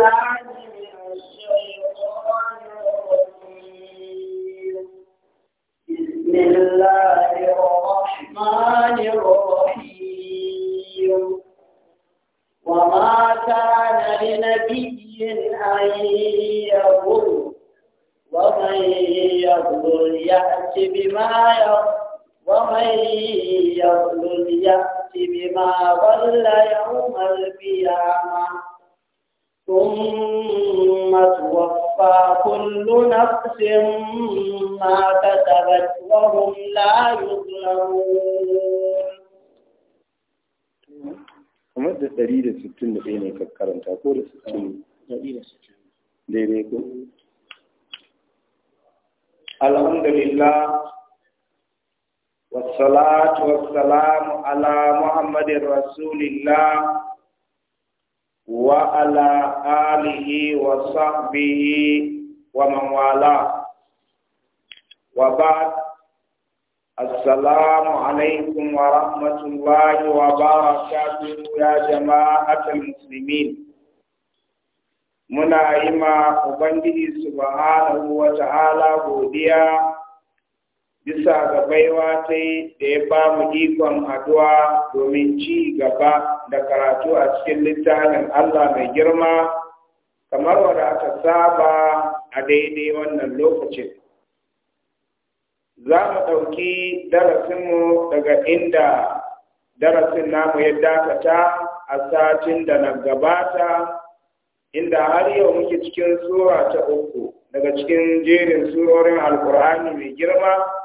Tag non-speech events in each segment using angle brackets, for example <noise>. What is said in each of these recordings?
ne? محمد رسول الله وعلى آله وصحبه ومن والاه وبعد السلام عليكم ورحمة الله وبركاته يا جماعة المسلمين muna yi ma Ubangiji subhanahu wa ta'ala godiya bisa ga baiwa ta da ya ba mu ikon addu'a domin ci gaba da karatu a cikin littafin Allah mai girma kamar wadda aka saba a daidai wannan lokacin. Za mu ɗauki darasinmu daga inda darasin namu ya dakata a satin da na gabata inda har yau muke cikin sura ta uku daga cikin jerin surorin alkur'ani mai girma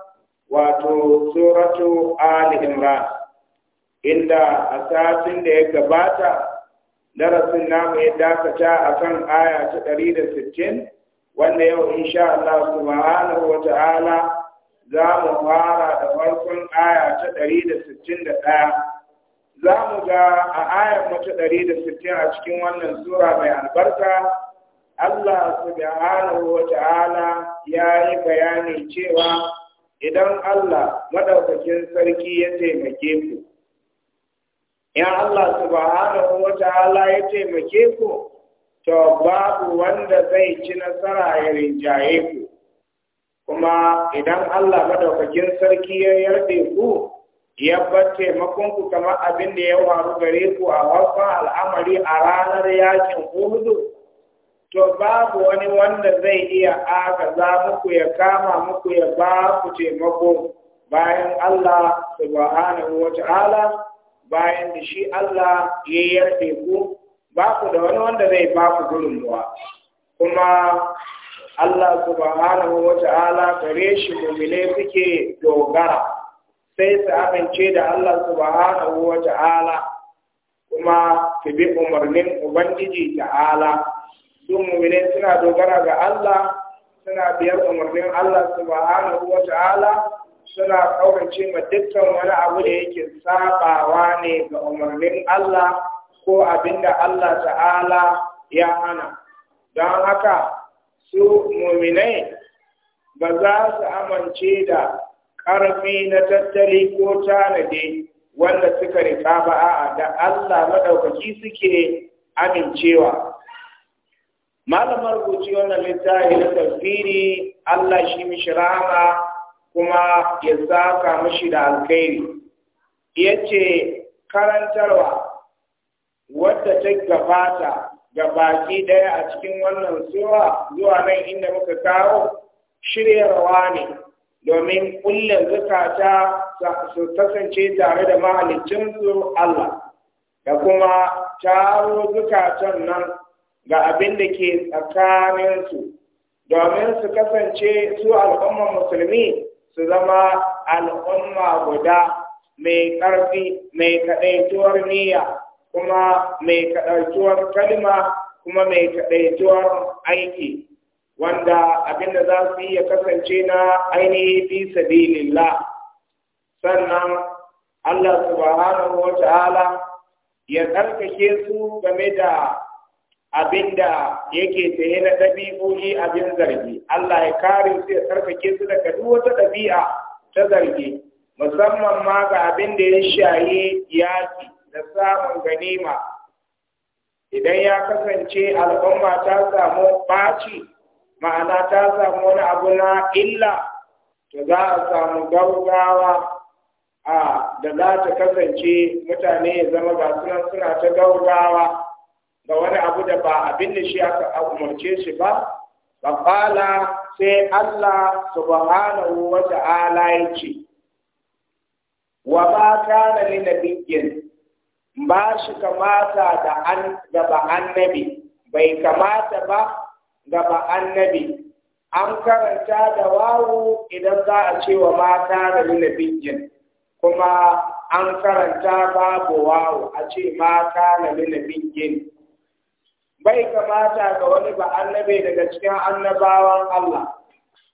wato suratu ali imran inda a da ya gabata darasin namu ya dakata akan aya ta 160 wanda yau insha Allah subhanahu wa ta'ala za mu fara da farkon aya ta 161 za mu ga a ayar mata 160 a cikin wannan sura mai albarka Allah subhanahu wa ta'ala ya yi bayani cewa idan Allah madaukakin sarki ya taimake ku in Allah subhanahu wa ta'ala ya taimake ku to babu wanda zai ci nasara ya rinjaye ku kuma idan Allah madaukakin sarki ya yarde ku ya bar taimakon ku kamar abin da ya waru gare ku a wasu al'amari a ranar yakin Uhud to babu wani wanda zai iya za muku ya kama muku ya ba ku taimako bayan Allah subhanahu wa ta'ala bayan da shi Allah ya yarfe ku ba ku da wani wanda zai ba ku ruwa kuma Allah subhanahu wa ta'ala gare shi mumine suke dogara sai su amince da Allah subhanahu wa ta'ala kuma su bi umarnin Ubangiji ta'ala su mu'mine suna dogara ga Allah suna biyar umarnin Allah subhanahu wa ta'ala suna kaurace ma dukkan wani abu da yake sabawa ne ga umarnin Allah ko abinda Allah ta'ala ya hana don haka su mu'minai ba za su amince da ƙarfi na tattali ko tanadi wanda suka rika ba a da Allah maɗaukaki suke amincewa malamar goci wannan littafi na tafsiri Allah shi mishi rahama kuma ya saka mishi da alkhairi ce karantarwa wadda ta gabata ga baki ɗaya a cikin wannan zuwa zuwa nan inda muka kawo shiryarwa ne domin kullum zukata su kasance tare da mahalicinsu Allah da kuma taro zukatan nan ga abin da ke tsakaninsu domin su kasance su al'ummar musulmi su zama al'umma guda mai ƙarfi mai kaɗaituwar niyya kuma mai kaɗaituwar kalma kuma mai kaɗaituwar aiki wanda abin da za su iya kasance na ainihi fi sabilillah sannan Allah subhanahu wa ta'ala ya tsarkake su game da abinda yake tsaye na ɗabi'o'i abin zargi Allah ya kare su ya sarkake su daga duk wata ɗabi'a ta zargi musamman ma ga abin da ya shayi yaki da samun ganima idan ya kasance al'umma ta samu ɓaci ma'ana ta samu wani abu na illa to za a samu gaugawa a da za ta kasance mutane ya zama ga suna ta gaugawa ga wani abu da ba abin da shi aka umarce shi ba faƙala sai Allah subhanahu wa ta'ala ya ce wa ba ma ni na nabiyyin ba shi kamata da an gaba annabi bai kamata ba gaba annabi an karanta da wawu idan za a ce wa ma kana li kuma an karanta babu wawu a ce ma na nuna nabiyyin bai kamata ga wani ba annabi daga cikin annabawan Allah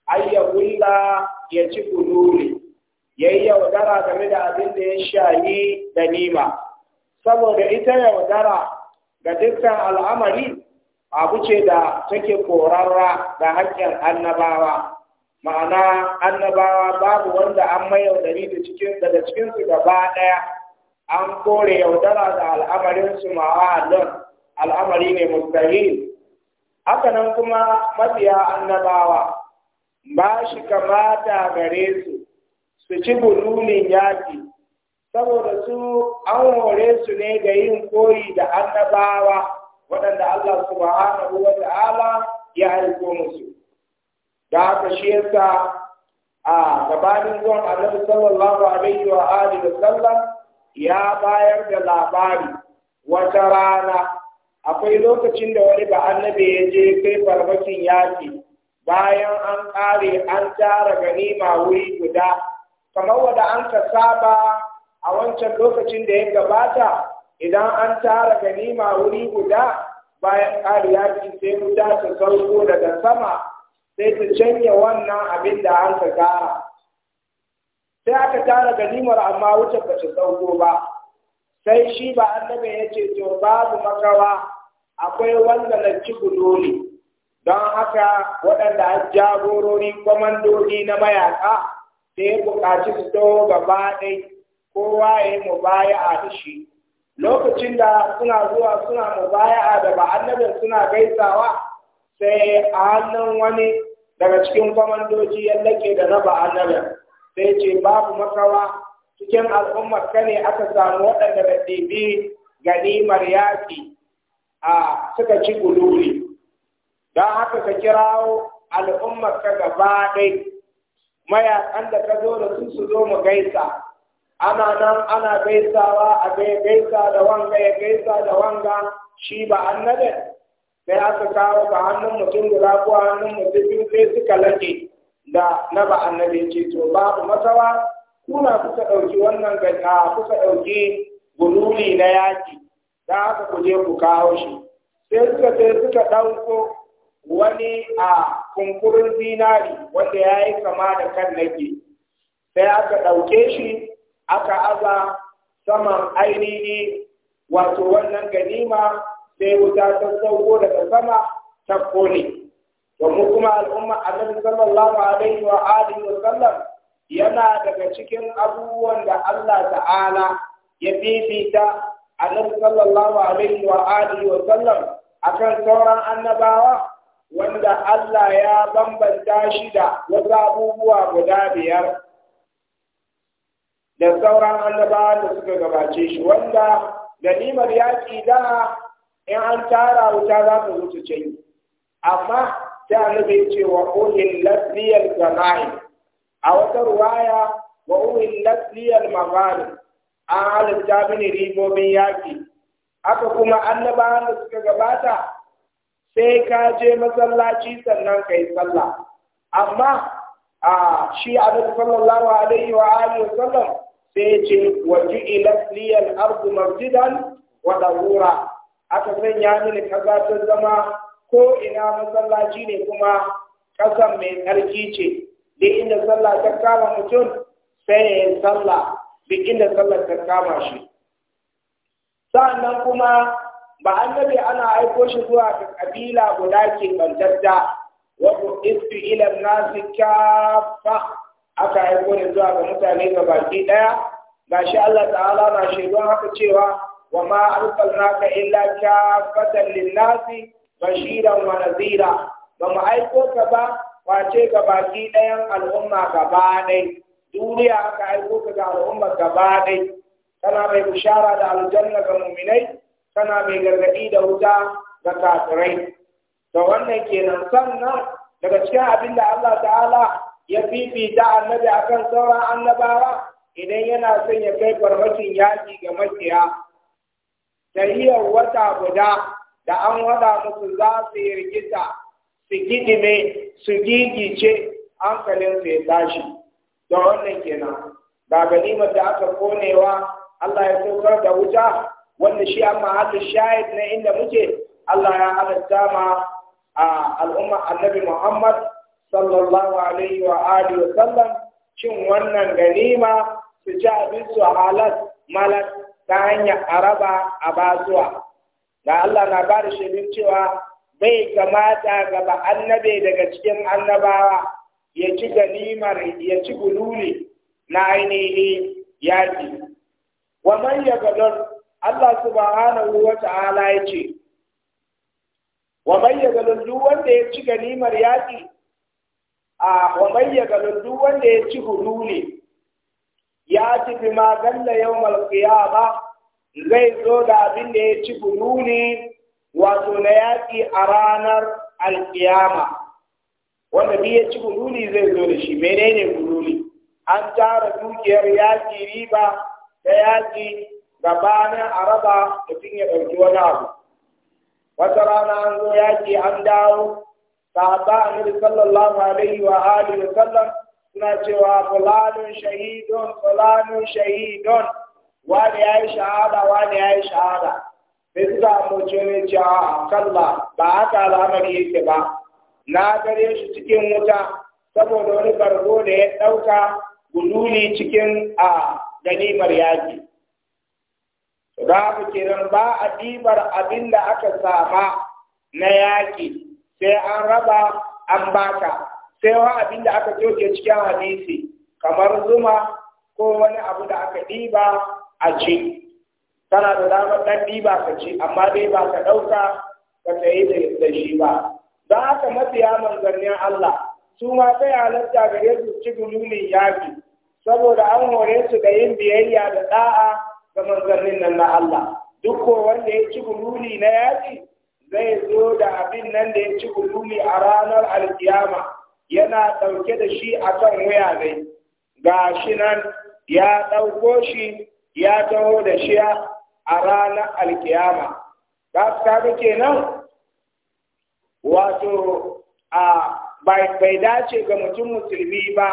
ayyahulla ya ci ya yayi yaudara game da abin da ya shayi da nima saboda ita yaudara ga dukkan al'amari abu ce da take korarra ga hakkin annabawa ma'ana annabawa babu wanda an mai yaudari da cikin daga cikinsu gaba ɗaya an kore yaudara da al'amarin su ma'a al'amari ne mustahil haka nan kuma mabiya annabawa ba shi kamata gare su su ci bululin yaƙi saboda su an hore su ne ga yin koyi da annabawa waɗanda Allah subhanahu wa ta'ala ya aiko musu da haka shi yasa a gabanin zuwan annabi sallallahu alaihi wa alihi wa sallam ya bayar da labari wata rana akwai lokacin da wani ba annabi ya je kai farmakin yaki bayan an ƙare an tara ganima wuri guda kamar wanda an ka saba a wancan lokacin da ya gabata idan an tara ganima wuri guda bayan ƙare yaki sai wuta ta sauko daga sama sai ta canye wannan abin da an ka gara sai aka tara ganimar amma wutar ba ta sauko ba sai shi ba annabi ya ce to babu makawa akwai wanda na ci gudoli don haka waɗanda an jagorori kwamandoni na mayaka, sai ya buƙaci su to gaba ɗai kowa ya yi mubaya'a da shi lokacin da suna zuwa suna mubaya'a da ba suna gaisawa sai a hannun wani daga cikin kwamandoji ya lake da na ba sai ce babu makawa cikin al'ummar ka ne aka samu waɗanda da ɗebe ganimar yaƙi a suka ci guluri don haka ka kirawo al'ummar ka gaba ɗai mayakan da ka zo da su su zo mu gaisa ana nan ana gaisawa a gaisa da wanga ya gaisa da wanga shi ba annabe? sai aka kawo ga hannun mutum guda ko hannun mutum biyu sai suka lake da na ba annabi ce to babu masawa kuna kuka ɗauki wannan gaza kuka ɗauki bululi na yaki da aka ku je ku kawo shi sai suka sai suka ɗauko wani a kunkurin zinari wanda ya yi kama da kan nake sai aka ɗauke shi aka aza saman ainihi wato wannan ganima sai wuta ta sauko daga sama ta kone. mu kuma al'umma annabi sallallahu alaihi wa alihi wa sallam yana daga cikin abubuwan da Allah ta'ala ya fifita nan sallallahu alaihi wa alihi wa sallam akan sauran annabawa wanda Allah ya bambanta shi da wasu abubuwa guda biyar da sauran annabawa da suka gabace shi wanda ganimar yaƙi da in an tara wuta za ta wuce can amma ta nufin cewa ce wa ulil a wata ruwaya wa uwin lasliyar A'a, a halin mini ribobin yaƙi aka kuma annaba da suka gabata sai ka je masallaci sannan ka yi sallah amma a shi annabi sallallahu alaihi wa alihi sallam sai ce wa ju'ilat liyal ardu masjidan wa dahura aka sanya mini kaza ta zama ko ina masallaci ne kuma kasan mai tsarki ce duk inda sallah ta kama mutum sai ya yi sallah duk inda sallah ta kama shi sa'annan kuma ba annabi ana aiko shi zuwa ga kabila guda ke bantarta wato istu ila nasi kafa aka aiko ne zuwa ga mutane ga baki daya gashi Allah ta'ala na shaidon haka cewa wa ma arsalnaka illa kafatan lin-nasi bashiran wa nadhira ba mu aiko ka ba Wace ga baki ɗayan al'umma gaba ɗai duniya aka aiko ka ga al'umma gaba ɗai kana mai bishara da aljanna ga muminai kana mai gargaɗi da wuta ga kafirai Da wannan kenan sannan daga cikin abin da Allah ta'ala ya fifita annabi akan sauran annabawa idan yana son ya kai farmakin yaƙi ga makiya tahiyar wata guda da an wada musu za su yi rikita. sigidi gidime su ce hankalin sai tashi da wannan kenan Da ganimar da aka konewa Allah ya saukar da wuta wanda shi amma haka shahid na inda muke Allah ya halatta ma a al'umma annabi Muhammad sallallahu alaihi wa alihi wa sallam cin wannan ganima su ci abin su halat malat ta hanyar araba a bazuwa da Allah na ba da shaidun cewa bai kamata gaba annabe daga cikin annabawa ya ci ganimar ya ci gululi na ainihi yaki wa man gadon Allah subhanahu wa ta'ala ya ce wa man gadon duk wanda ya ci ganimar yaki a wa man gadon duk wanda ya ci gululi ya ci bi ma yau yawmal ba, zai zo da abin da ya ci gululi wato na yaƙi a ranar alƙiyama wanda bi ci gululi zai zo da shi menene gululi an tara dukiyar yaƙi riba da yaƙi gabanin araba da mutum ya ɗauki wani abu wata rana an zo yaƙi an dawo sahaba annabi sallallahu alaihi wa alihi wa sallam suna cewa fulanin shahidon, fulanin shahidon, wani ya yi shahada wani ya yi shahada sai suka ambace ne cewa kalla ba haka al'amari yake ba na gare shi cikin wuta saboda wani bargo da ya ɗauka guduli cikin a ganimar yaƙi. Babu kenan ba a ɗibar abin da aka sama na yaƙi sai an raba an baka sai wa abin da aka coke cikin hadisi kamar zuma ko wani abu da aka ɗiba a ci. kana da damar ɗan ɗiba ka ci amma dai ba ka ɗauka ka tsaye da shi ba ka mafi mafiya manzannin Allah su ma sai halatta ga su ci gulumin yaƙi. saboda an hore su da yin biyayya da ɗa'a ga manzannin nan na Allah duk ko wanda ya ci gululi na yaƙi zai zo da abin nan da ya ci gululi a ranar alkiyama yana ɗauke da shi a kan wuya dai ga shi nan ya ɗauko shi ya taho da shi a ranar alkiyama za su kaga kenan wato a bai dace ga mutum musulmi ba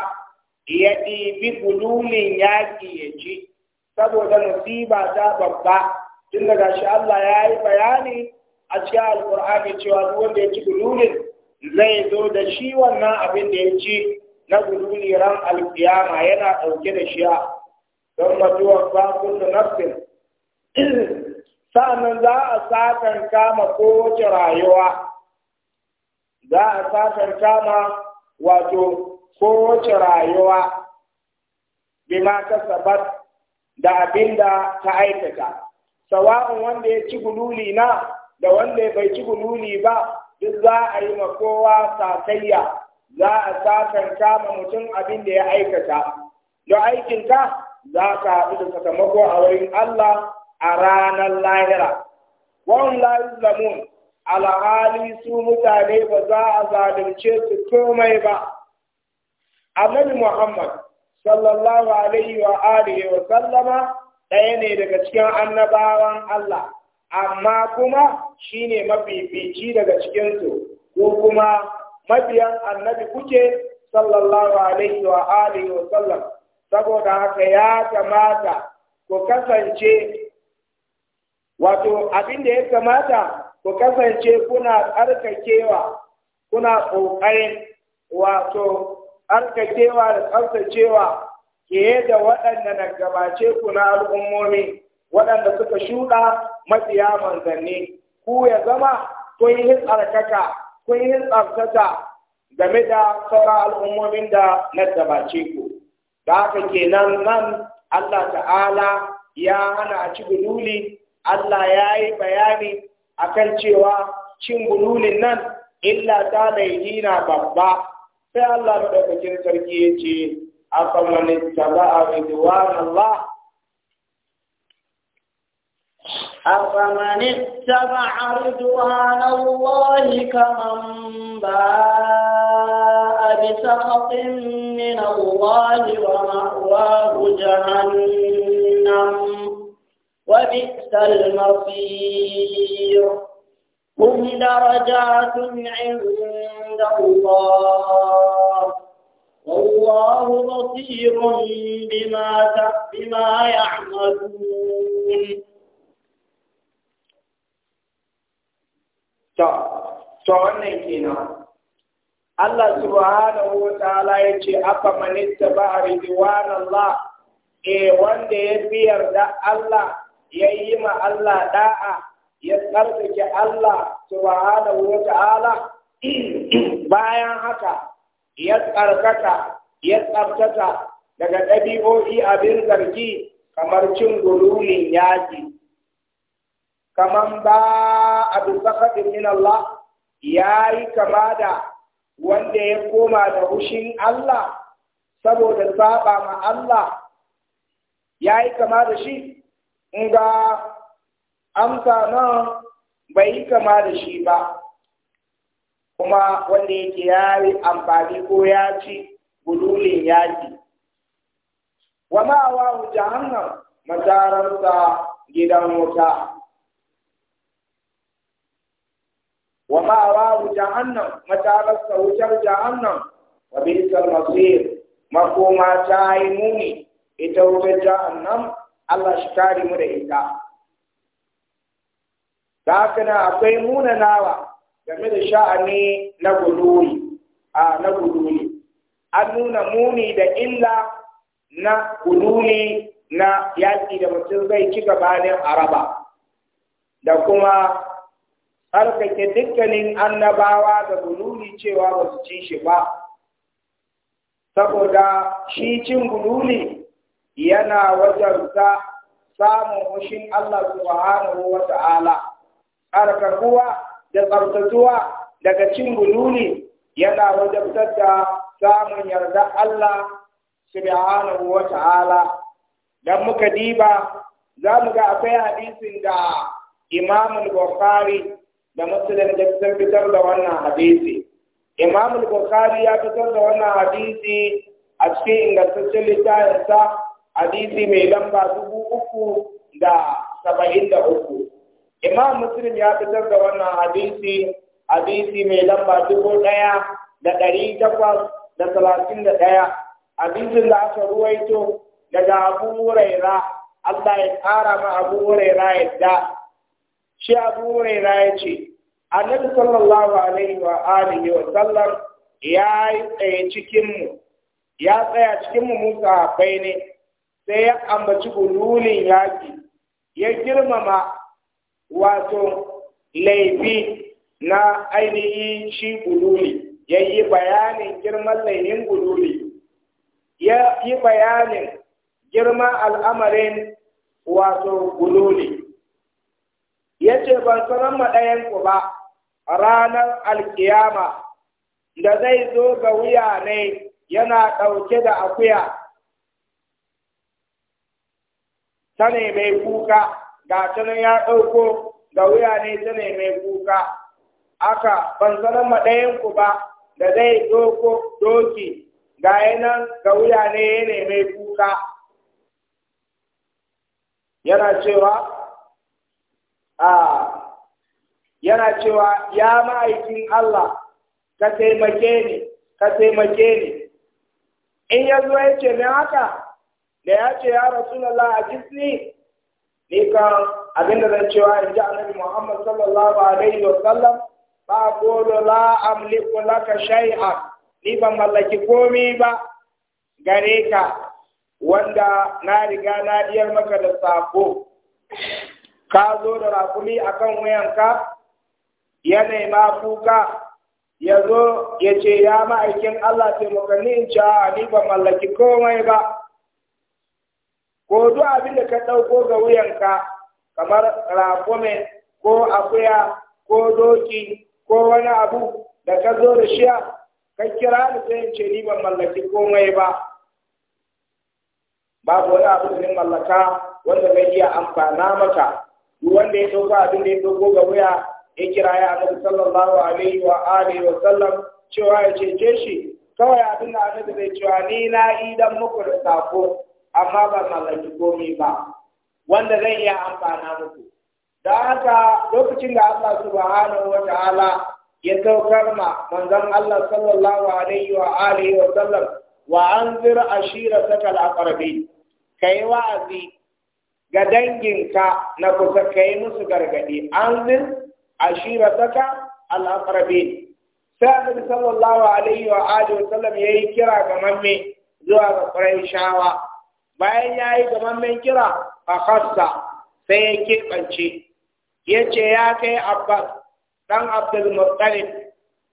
ya ɗibi bulunin yaƙi ya ci saboda musiba ta babba tun daga shi Allah ya yi bayani a cikin alƙur'ani cewa duk wanda ya ci bulunin zai zo da shi wannan abin da ya ci na gululi ran alƙiyama yana ɗauke da shi a don mutuwar ba kullu nafsin sa'annan za a satan kama kowace rayuwa za a satan kama wato kowace rayuwa bima kasabat da abin da ta aikata sawa'un wanda ya ci gululi na da wanda bai ci gululi ba duk za a yi ma kowa sakayya za a satan kama mutum abin da ya aikata da aikinta za ka haɗu da sakamako a wurin Allah a ranar lahira wahum la yuzlamun alhali su mutane ba za a zalunce su komai ba annabi muhammad sallallahu alaihi wa alihi wa sallama ɗaya ne daga cikin annabawan allah amma kuma shine mafifici daga cikinsu ko kuma mabiyan annabi kuke sallallahu alaihi wa alihi wa sallam saboda haka ya kamata ku kasance wato abin da ya kamata ku kasance kuna tsarkakewa kuna ƙoƙarin wato tsarkakewa da tsaftacewa ke da waɗanda na gabace ku na al'ummomi waɗanda suka shuɗa mafiya manzanni ku ya zama kun yi tsarkaka kun yi tsaftata game da sauran al'ummomin da na gabace ku da haka kenan nan Allah ta'ala ya hana a ci guduli Allah ya yi bayani a kan cewa cin bululin nan illa ta laihina babba sai Allah madaukakin sarki ya ce a tsammanin afa man a ridwan Allah afa man ittaba'a ridwan yi kaman ba'a bi sakhatin min Allah wa ma'wahu jahannam وبئس المصير هم درجات عند الله والله بصير بما بما يعملون to wannan kenan Allah subhanahu wa ta'ala ya ce aka manitta ba ridwan Allah eh wanda ya biyar da Allah ya yi ma Allah da'a ya tsarkake Allah subhanahu wa ta'ala bayan haka ya tsarkaka ya tsarkaka daga ɗabi'o'i abin zargi kamar cin gurumin yaji Kamar ba abin sakadin min Allah ya yi kama da wanda ya koma da hushin Allah saboda saba ma Allah ya yi kama da shi nga amsa nan bai yi kama da shi ba kuma wanda yake ya yi amfani ko ya ci gudulin yaki wa ma'awa jahannam matararsa gidan wuta wa ma'awa jahannam matararsa wutar jahannam wa bisal masir makoma ta yi muni ita wutar jahannam Allah shi kare mu da ita da haka akwai munanawa game da sha'ani na guduri a na guduri an nuna muni da illa na guduri na yaƙi da mutum zai ci gabanin araba da kuma tsarkake dukkanin annabawa da gululi cewa ba su ci shi ba saboda shi cin gululi yana wajarta samun hushin Allah subhanahu wa ta'ala, da tsartatuwa daga cin gululi yana wajen da samun yarda Allah subhanahu wa ta'ala. Don muka diba, za mu ga akwai hadisin da Imam Bukhari da Muslim da sun fitar da wannan hadisi. Imam Bukhari ya fitar da wannan hadisi a cikin ingantaccen littafinsa hadisi mai lamba dubu uku da saba'in da uku imam muslim ya fitar da wannan hadisi hadisi mai lamba dubu ɗaya da ɗari takwas da talatin da ɗaya hadisin da aka ruwaito daga abu huraira Allah ya ƙara ma abu huraira da. shi abu huraira ya ce annabi sallallahu alaihi wa alihi wa sallam ya yi tsaye cikinmu ya tsaya cikinmu Musa bai ne sai ya ambaci gululin yaƙi ya girmama wato laifi na ainihi shi gululi ya yi bayanin girman laifin gululi ya yi bayanin girman al'amarin wato gululi ya ce ban sanar maɗayanku ba ranar alkiyama da zai zo ga wuya ne yana ɗauke da akuya ta ne mai kuka ga ta ya ɗauko da wuya ne ta ne mai kuka aka ban sanar ma ɗayan ku ba da zai ɗauko doki ga yanan ga wuya ne ya ne mai kuka yana cewa a yana cewa ya ma'aikin Allah ka taimake ni ka taimake ni in ya zo ya ce haka da ya ce ya rasu a jisni ni kan abinda zan cewa in ji annabi muhammad sallallahu alaihi wa sallam ba kodo la amliku laka shay'a ni ban mallaki komi ba gare ka wanda na riga na diyar maka da sako ka zo da rakumi akan wayanka yanayi ma kuka ya zo ya ce ya ma'aikin Allah taimakon ni in ci ni ban mallaki komai ba ko duk abin da ka ɗauko ga wuyanka kamar rafome ko akuya ko doki ko wani abu da ka zo da shiya ka kira ni sai ce ni ban mallaki komai ba babu wani abu da mallaka wanda zai iya amfana maka duk wanda ya ɗauko abin da ya ɗauko ga wuya ya kira ya annabi sallallahu alaihi wa alihi wa sallam cewa ya cece shi kawai abin da annabi zai cewa ni na idan muku da sako amma ba mallaki komai ba wanda zan iya amfana muku da haka lokacin da Allah subhanahu wa ta'ala ya saukar ma manzon Allah sallallahu alaihi wa alihi wa sallam wa anzir ashiratakal aqrabi kai wa'azi ga danginka na kusa kai musu gargadi anzir ashirataka al aqrabi sai sallallahu alaihi wa alihi wa sallam yayi kira ga mamme zuwa ga Qurayshawa bayan ya yi gamammen kira a hassa sai ya keɓance ya ce ya kai abbas ɗan abdulmuttalib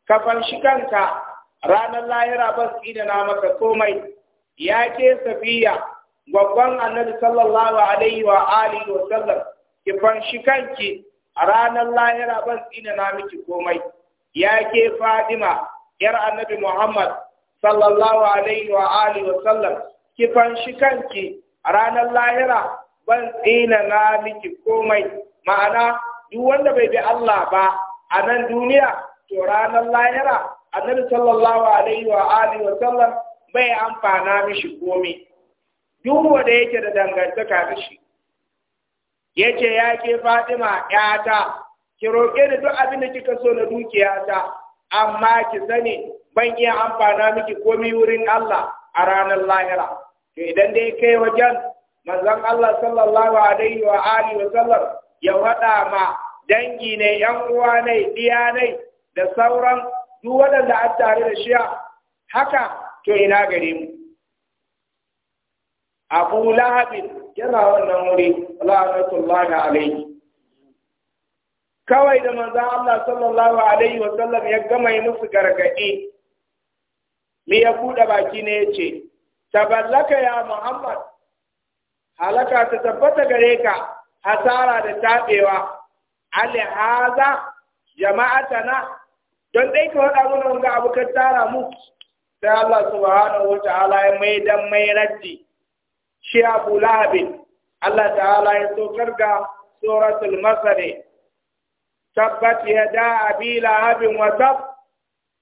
ka fanshi kanka ranar lahira abbas ina na maka komai ya ke safiya babban annabi sallallahu alaihi wa alihi wa sallam ki fanshi kanki ranar lahira abbas ina na miki komai ya ke fadima yar annabi muhammad sallallahu alaihi wa alihi wa sallam ki fanshi kanki a ranar lahira ban tsina na miki komai ma'ana duk wanda bai bi Allah ba a nan duniya to ranar lahira annabi sallallahu alaihi wa alihi wa sallam bai amfana mishi komai duk wanda yake da dangantaka da shi yace ya ke Fatima ƴata ki roƙe ni duk abin da kika so na dukiyata amma ki sani ban iya amfana miki komai wurin Allah a ranar lahira to idan dai kai wajen manzon Allah sallallahu alaihi wa alihi wa sallam ya wada ma dangi ne yan uwa ne diya ne da sauran duk waɗanda an tare da shi haka to ina gare mu Abu Lahab yana wannan wuri la'natullahi alaihi kawai da manzon Allah sallallahu alaihi wa sallam ya gama yi musu gargadi me ya buɗe baki ne ya ce taballaka ya Muhammad halaka ta tabbata gare ka hasara da tabewa alihaza jama'atana don dai ka wada mun wanga abu ka tara mu sai Allah subhanahu wata'ala ya mai dan mai raddi shi Abu Lahab Allah ta'ala ya sokar ga suratul masari tabbat yada abi lahabin wa tab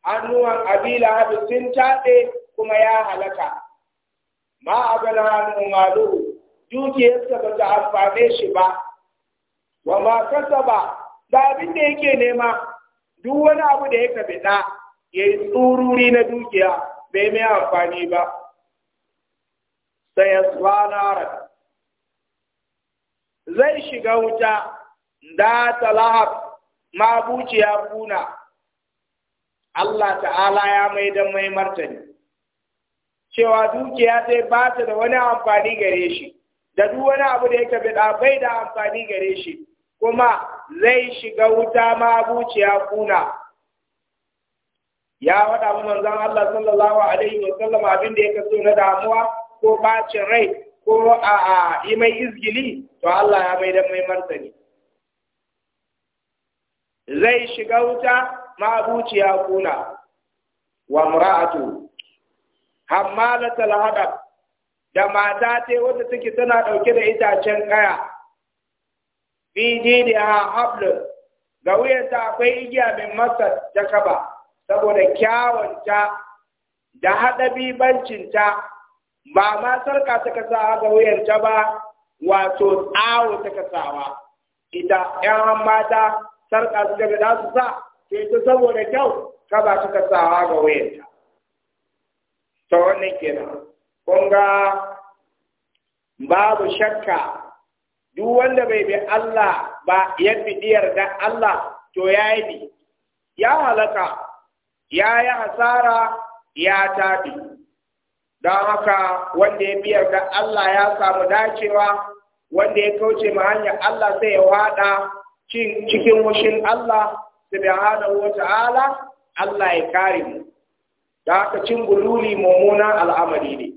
Hannuwan abi lahabin sun taɓe kuma ya halaka ma abala mumalu dukiyarsa ba ta amfane shi ba wa ba kasaba da abin da yake nema duk wani abu da ya kabita ya yi tsururi na dukiya bai mai amfani ba sai ya tsanarar zai shiga wuta da talahab mabuciya kuna Allah ta'ala ya mai da mai martani cewa dukiya sai ba ta da wani amfani gare shi da duk wani abu da yake bida bai da amfani gare shi kuma zai shiga wuta ma buciya kuna ya wada mu manzon Allah sallallahu alaihi wa sallam abin da yake so na damuwa ko bacin rai ko a yi mai izgili to Allah ya mai da mai martani zai shiga wuta ma buciya kuna wa mura'atu. Amma hammalatal hadab da mata ce wata take tana ɗauke da itacen kaya fi jidiha hablun ga ta akwai igiya min masa ta kaba saboda kyawunta da haɗa bancinta ba ma sarka ta kasa ga ta ba wato tsawo ta kasawa ita ‘yan mata sarka su ga za su sa sai ta saboda kyau kaba ta kasawa ga ta ta wannan kenan babu shakka duk wanda bai bi Allah ba ya diyar da Allah to ya yi ya halaka ya yi hasara ya tafi. don haka wanda ya biyar da Allah ya samu dacewa wanda ya kauce ma hanyar Allah sai ya wada cikin wushin Allah subhanahu wa ta'ala Allah ya kare mu da aka cin gululi mummunan al'amari ne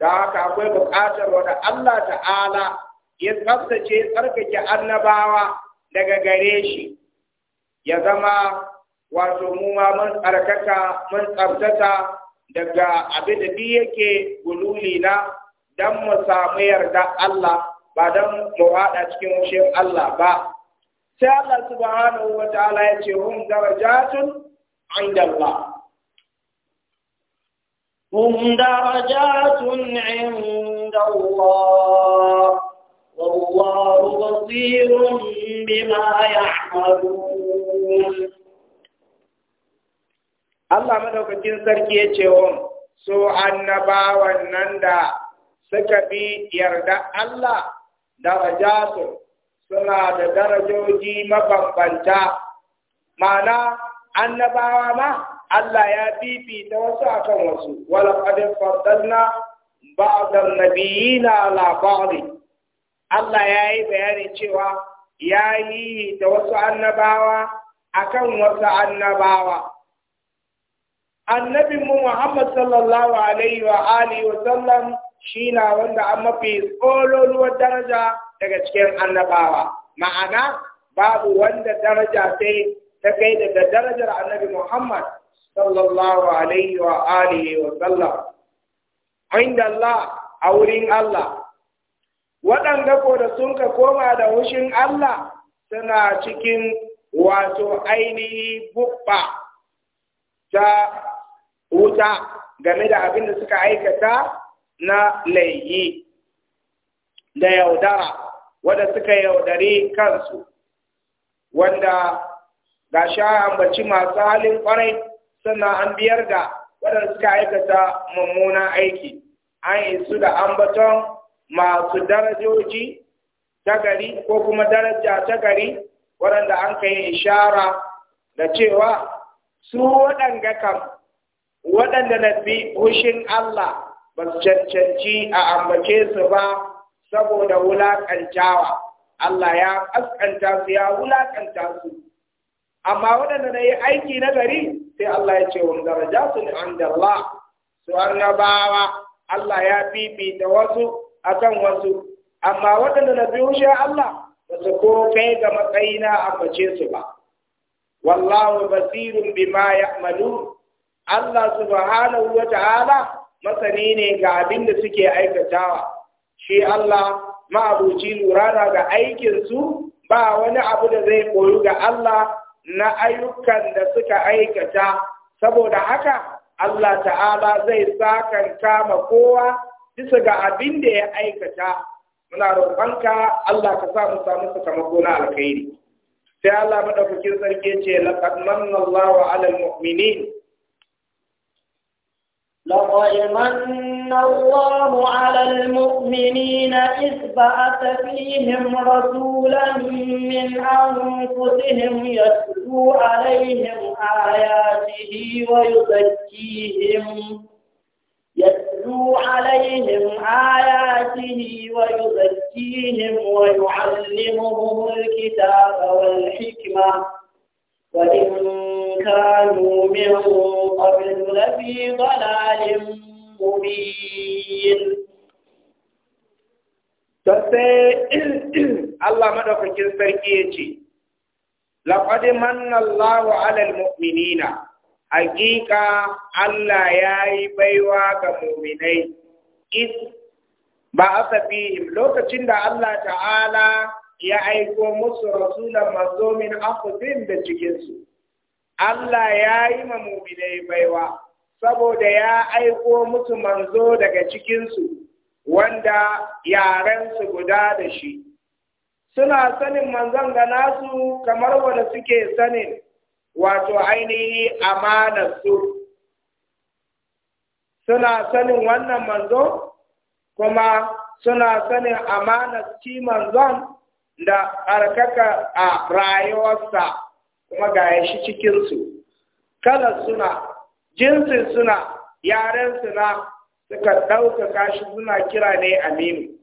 da aka akwai buƙatar wata Allah ta'ala ya tsaftace tsarkake annabawa daga gare shi ya zama wato mu ma mun tsarkaka mun tsabtata daga abin da bi yake gululi na dan mu samu yarda Allah ba dan mu haɗa cikin wushin Allah ba sai Allah subhanahu wa ta'ala ya ce hum darajatun inda Allah هم درجات عند الله والله بصير بما يعملون Allah madaukakin sarki ya ce wa so annabawan nan da suka bi yarda Allah darajatu suna da darajoji mabambanta mana annabawa ma Allah ya fifita wasu akan wasu wala qad faddalna ba'd an-nabiyina ala ba'd Allah ya yi bayani cewa ya yi da wasu annabawa akan wasu annabawa annabin mu Muhammad sallallahu alaihi wa alihi wa sallam shi na wanda an mafi tsololuwar daraja daga cikin annabawa ma'ana babu wanda daraja sai ta kai daga darajar annabi Muhammad sallallahu alaihi wa alihi wa sallam inda Allah a wurin Allah waɗanda ko da sun ka koma da hushin Allah suna cikin wato ainihi bubba ta wuta game da abin da suka aikata na laihi da yaudara wanda suka yaudare kansu wanda ga sha bacci masu halin kwarai sannan an biyar da waɗanda suka aikata mummunan aiki an yi su da ambaton masu darajoji ta gari ko kuma daraja ta gari waɗanda an kai ishara da cewa su waɗanda kam waɗanda na fi hushin Allah ba su cancanci a ambace su ba saboda wulaƙantawa Allah ya ƙasƙanta su ya wulaƙanta su amma waɗanda na yi aiki na gari sai Allah ya ce wa daraja ne an Allah su gabawa Allah ya fifita wasu a kan wasu amma waɗanda na biyu shi Allah ba su ko kai ga matsayina a mace su ba wallahu basirun bima ya'malu Allah subhanahu wa ta'ala masani ne ga abin da suke aikatawa shi Allah ma'abuci lura ga aikin su ba wani abu da zai koyu ga Allah na ayyukan da suka aikata saboda haka Allah ta'ala zai sakan kama kowa bisa ga abin da ya aikata muna roƙonka Allah ka sa mu samu sakamako na alkhairi sai Allah madaukakin sarki ce laqad manna Allahu 'alal mu'minin laqad الله على المؤمنين إذ بعث فيهم رسولا من أنفسهم يتلو عليهم آياته ويزكيهم يتلو عليهم آياته ويزكيهم ويعلمهم الكتاب والحكمة وإن كانوا من قبل لفي ضلال mubin ta sai <clears throat> Allah madafakin sarki ya ce laƙwade mannallawa alal mu'minina hakika Allah ya yi baiwa ga mu'minai is ba a lokacin da Allah ta'ala ya aiko musu rasulan mazomin akwadin da cikinsu Allah ya yi ma mu'minai baiwa saboda ya aiko musu manzo daga cikinsu wanda yarensu guda da shi suna sanin manzon ga nasu kamar wanda suke sanin wato ainihi amanarsu suna sanin wannan manzo kuma suna sanin amanar ci manzon da arkaka a rayuwarsa kuma ga shi cikinsu kala suna jinsin suna yaren suna suka ɗaukaka shi suna kira ne aminu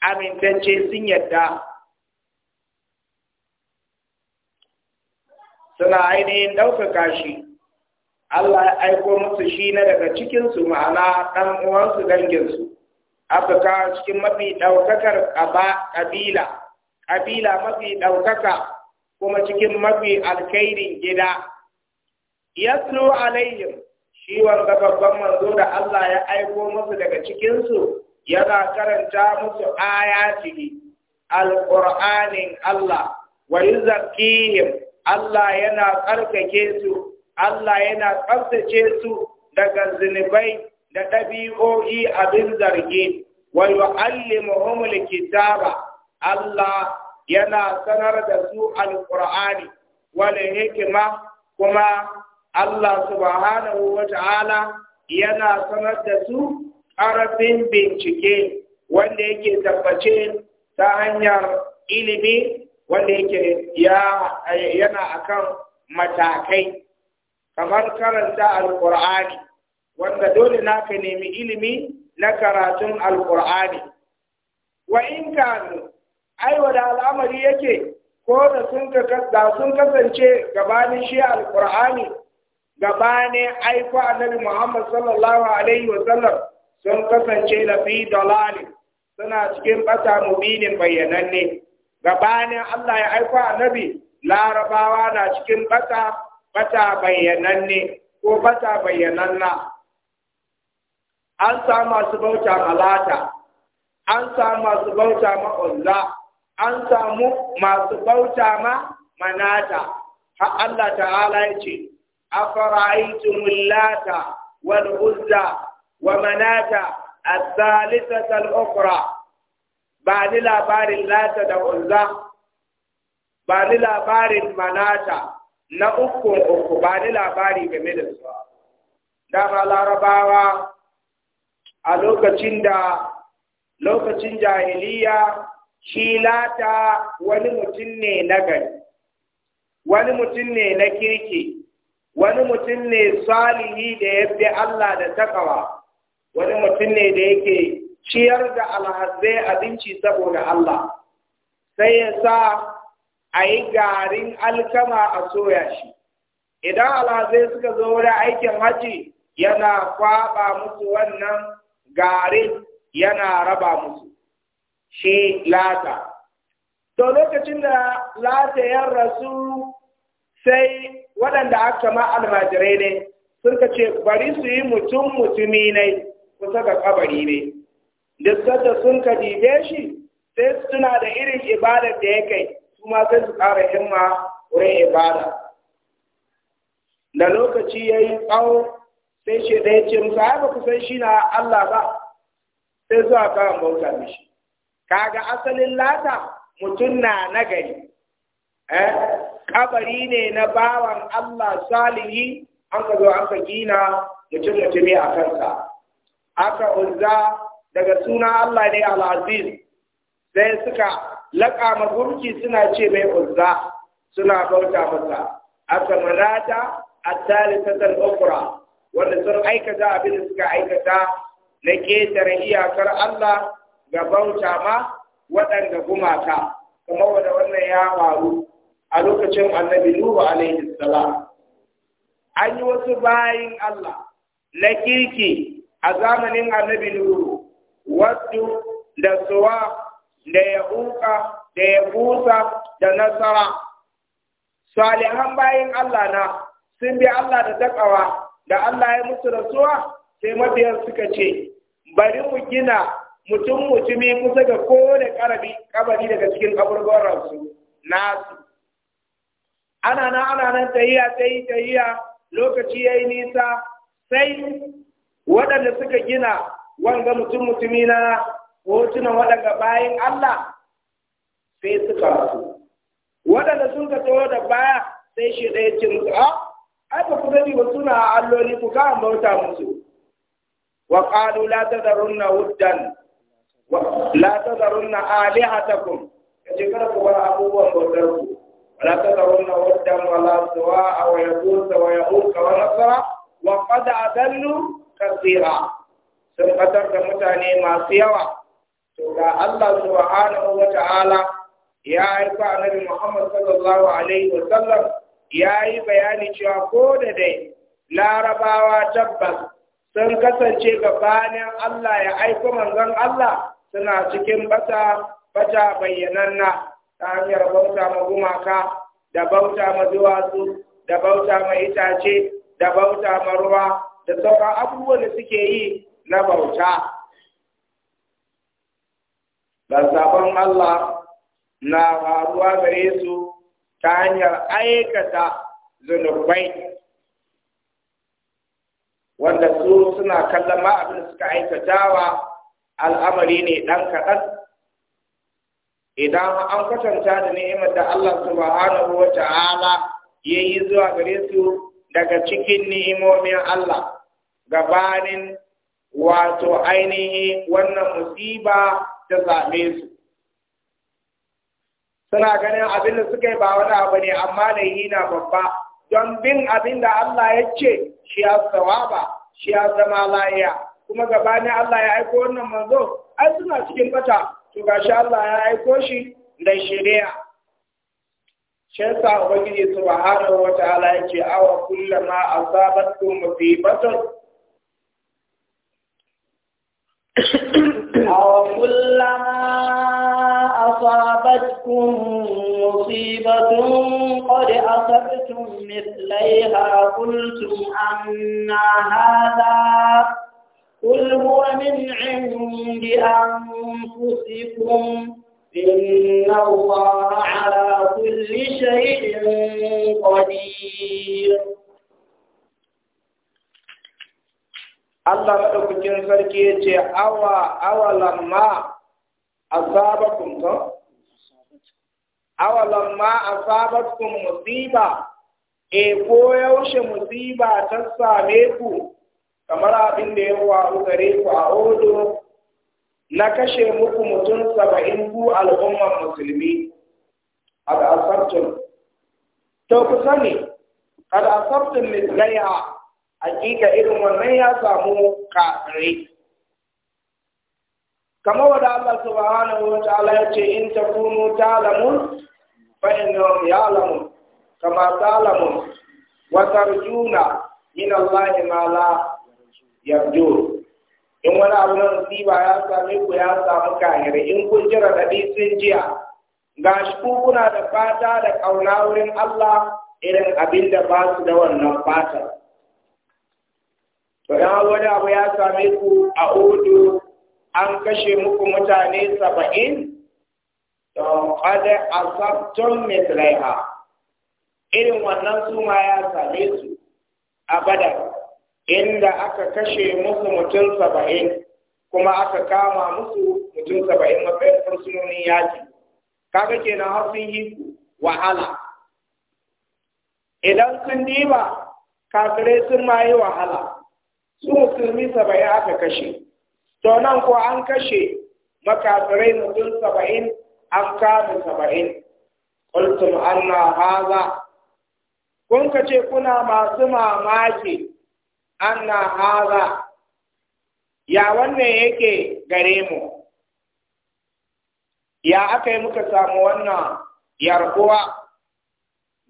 amintacce sun yadda suna ainihin ɗaukaka shi Allah ya aiko musu shi na daga cikinsu ma'ana ɗan uwansu danginsu aka kawo cikin mafi ɗaukakar ƙabila ƙabila mafi ɗaukaka kuma cikin mafi alkairin gida yatlu alaihim shi wanda babban manzo da Allah ya aiko musu daga cikin su yana karanta musu ayati alqur'anin Allah wa yuzakkihim Allah yana tsarkake su Allah yana tsaftace su daga zunubai da ɗabi'o'i abin zargi wa yu'allimuhum alkitaba Allah yana sanar da su alqur'ani wal hikma kuma Allah subhanahu wa ta'ala yana sanar da su ƙarfin bincike wanda yake tabbace ta hanyar ilimi wanda yake yana akan matakai kamar karanta alƙur'ani wanda dole na ka nemi ilimi na karatun alƙur'ani wa in kanu aiwa da al'amari yake ko da sun kasance gabanin shi alƙur'ani gabanin aiko annabi Muhammad sallallahu alaihi wa sallam sun kasance fi dalali suna cikin bata mubinin bayyananne gabanin Allah ya aiko annabi larabawa na cikin bata bata bayyananne ko bata bayyananna an samu masu bauta malata an samu masu bauta ma'ulla an samu masu bauta ma manata har Allah ta'ala ya ce أفرأيتم اللات والعزى ومناة الثالثة الأخرى بعد لابار اللات والعزى بعد لابار المناة na ukun uku ba ni game da su dama larabawa a lokacin jahiliya shi lata wani mutum ne na wani mutum ne na kirki wani mutum ne salihi da ya bi Allah da takawa wani mutum ne da yake ciyar da alhazai abinci saboda Allah sai ya sa a yi garin alkama a soya shi idan alhazai suka zo wurin aikin haji yana kwaɓa musu wannan garin yana raba musu shi lata to lokacin da lata ya rasu sai waɗanda aka ma almajirai ne sun ka ce bari su yi mutum mutumi ne kusa ga kabari ne duk da sun ka dibe shi sai su da irin ibadar da ya kai su ma sai su ƙara himma wurin ibada da lokaci ya yi tsawo sai shi ɗaya ce musa ya ku shi na Allah ba sai zuwa kawai bauta mishi kaga asalin lata mutum na nagari eh? kabari ne na bawan Allah salihi an ka zo an ka gina mutum mutumi a kansa aka unza daga suna Allah ne al-aziz sai suka laƙa magurki suna ce mai unza, suna bauta masa aka manata a talisatar ukra wanda sun aikata abin da suka aikata na ƙetare iyakar Allah ga bauta ma waɗanda gumata Kuma wanda wannan ya faru a lokacin annabi Nuhu alaihi salam an yi wasu bayin Allah na kirki a zamanin annabi Nuhu wasu da suwa da huka da busa da nasara salihan bayin Allah na sun bi Allah da takawa da Allah ya musu rasuwa sai mabiyan suka ce bari mu gina mutum mutumi kusa ga kowane karabi kabari daga cikin rasu nasu ana nan ana nan tahiya ta yi tahiya lokaci ya yi nisa sai waɗanda suka gina wanga mutum mutumi na hotunan waɗanda bayan Allah sai suka rasu waɗanda sun ka taho da baya sai shi ɗaya ce musu a ah, ai ba ku gani ba suna alloli ku ka bauta musu wa qalu la tadarunna wuddan la tadarunna alihatakum kace kada ku bar abubuwan bautar ku لا تذرن ودا ولا سواء ويغوث ويعوق ونصر وقد أذلوا كثيرا sun fatar da mutane masu yawa to Allah subhanahu wa ta'ala ya aika annabi Muhammad sallallahu alaihi ya yi bayani cewa ko da dai larabawa tabbas sun kasance gabanin Allah ya aiko manzon Allah suna cikin bata bata bayyananna ta hanyar bauta ma gumaka da bauta ma duwatsu da bauta ma itace da bauta ma ruwa da sauran abubuwan da suke yi na bauta da sabon Allah na faruwa gare su ta hanyar aikata zunubai wanda su suna kallon ma abin suka aikatawa al'amari ne ɗan kaɗan idan an kwatanta da ni'imar da Allah subhanahu wa ta'ala ya yi zuwa gare su daga cikin ni'imomin Allah gabanin wato ainihi wannan musiba ta same su suna ganin abin da suka yi ba wani abu ne amma da yi na babba don bin abin da Allah ya ce shi ya ba, shi ya zama laya kuma gabanin Allah ya aiko wannan manzo ai suna cikin bata tuka shi Allah ya yi shi da shari'a. Shai sa Ubangiji subhanahu wa ala ya ce, Awa kulle ma a sabar su mafi batun. <coughs> Awa kulle ma a sabar su mafi batun, kodi a sabar su mafi laiha kultun an na hada. قل هو من عند أنفسكم إن الله على كل شيء قدير Allah maɗaukakin sarki ya ce, Awa, awalan a sabakun to? a sabakun musiba, e ko yaushe musiba ta same ku, kamar abin da ya faru gare ku a odo na kashe muku mutum saba'in ku al'ummar musulmi a da asabtun to ku sani da asabtun a hakika irin wannan ya samu kafirai kamar wadda Allah subhanahu wa ta'ala ya ce in takunu ta'lamun fa ya alamun kama ta'lamun wa tarjuna min Allah ma la yanzu in wani abu na musiba ya same ku ya samu kahira in kun jira da sun jiya ga shi kuna da fata da ƙauna wurin Allah irin abin da ba su da wannan fata. To ya wani abu ya same ku a udu an kashe muku mutane saba'in, da kada a sabton mitraiha irin wannan suma ya same su a badar. inda aka kashe musu mutum saba'in kuma aka kama musu mutum saba'in matsayin fursunonin yaki kaga kenan har sun yi wahala idan sun diba kafirai sun ma yi wahala su musulmi saba'in aka kashe to nan ko an kashe makafirai mutum saba'in an kama saba'in qultum anna haza kun kace kuna masu mamaki anna haza ya wannan yake gare mu ya aka yi muka samu wannan yarkuwa